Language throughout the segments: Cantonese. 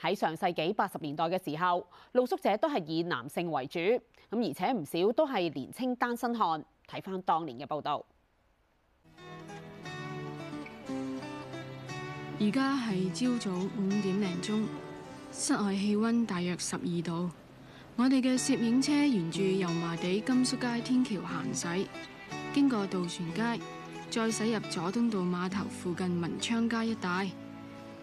喺上世紀八十年代嘅時候，露宿者都係以男性為主，咁而且唔少都係年青單身漢。睇翻當年嘅報道。而家係朝早五點零鐘，室外氣温大約十二度。我哋嘅攝影車沿住油麻地甘肅街天橋行駛，經過渡船街，再駛入佐敦道碼頭附近文昌街一帶。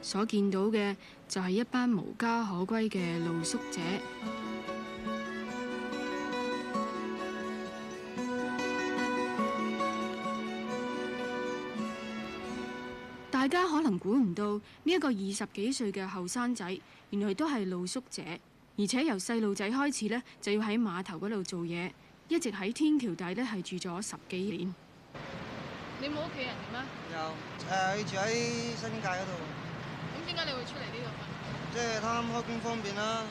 所見到嘅就係一班無家可歸嘅露宿者。大家可能估唔到呢一個二十幾歲嘅後生仔，原來都係露宿者，而且由細路仔開始呢，就要喺碼頭嗰度做嘢，一直喺天橋底呢，係住咗十幾年你。你冇屋企人嘅咩？有，誒、呃，佢住喺新界嗰度。點解你會出嚟呢度？即係貪開工方便啦，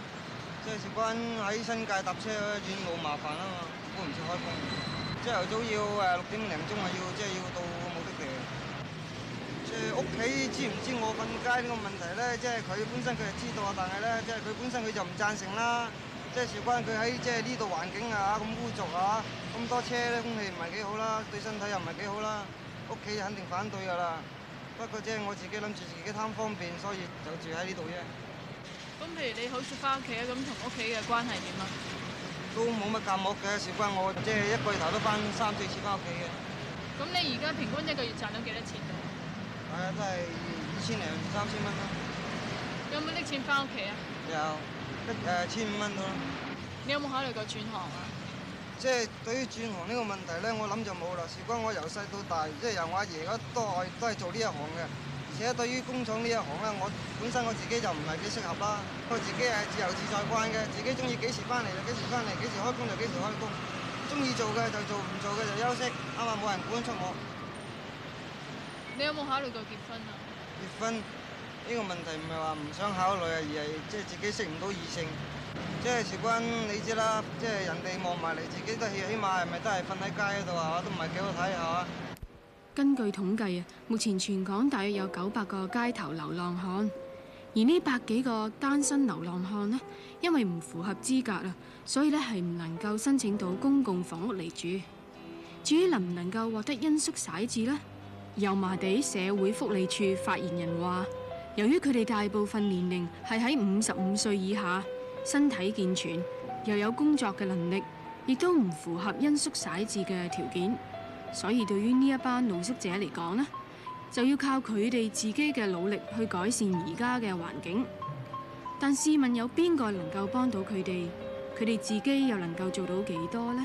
即係事關喺新界搭車遠路麻煩啊嘛，都唔使開工。朝頭早要誒六點零鐘啊要，即係要到目的地。即係屋企知唔知我瞓街呢個問題咧？即係佢本身佢係知道啊，但係咧，即係佢本身佢就唔贊成啦。即係事關佢喺即係呢度環境啊咁污濁啊，咁多車咧空氣唔係幾好啦，對身體又唔係幾好啦，屋企肯定反對噶啦。不過即係我自己諗住自己貪方便，所以就住喺呢度啫。咁譬如你好少翻屋企啊？咁同屋企嘅關係點啊？都冇乜隔膜嘅，事關我即係一個月頭都翻三四次翻屋企嘅。咁你而家平均一個月賺咗幾多錢啊？係啊，都係二千零三千蚊啦。你有冇拎錢翻屋企啊？有一誒千五蚊到啦。你有冇考慮過轉行啊？即係對於轉行呢個問題咧，我諗就冇啦。事關我由細到大，即係由我阿爺嗰代都係做呢一行嘅。而且對於工廠呢一行咧，我本身我自己就唔係幾適合啦。我自己係自由自在慣嘅，自己中意幾時翻嚟就幾時翻嚟，幾時開工就幾時開工。中意做嘅就做，唔做嘅就休息，啱啊！冇人管束我。你有冇考慮過結婚啊？結婚。呢個問題唔係話唔想考慮啊，而係即係自己識唔到異性，即係事關你知啦，即係人哋望埋嚟，自己都起起碼係咪都係瞓喺街嗰度啊？都唔係幾好睇嚇。根據統計啊，目前全港大約有九百個街頭流浪漢，而呢百幾個單身流浪漢呢，因為唔符合資格啊，所以呢係唔能夠申請到公共房屋嚟住。至於能唔能夠獲得恩恤曬字呢？油麻地社會福利處發言人話。由於佢哋大部分年齡係喺五十五歲以下，身體健全，又有工作嘅能力，亦都唔符合入宿舍住嘅條件，所以對於呢一班露宿者嚟講呢，就要靠佢哋自己嘅努力去改善而家嘅環境。但試問有邊個能夠幫到佢哋？佢哋自己又能夠做到幾多呢？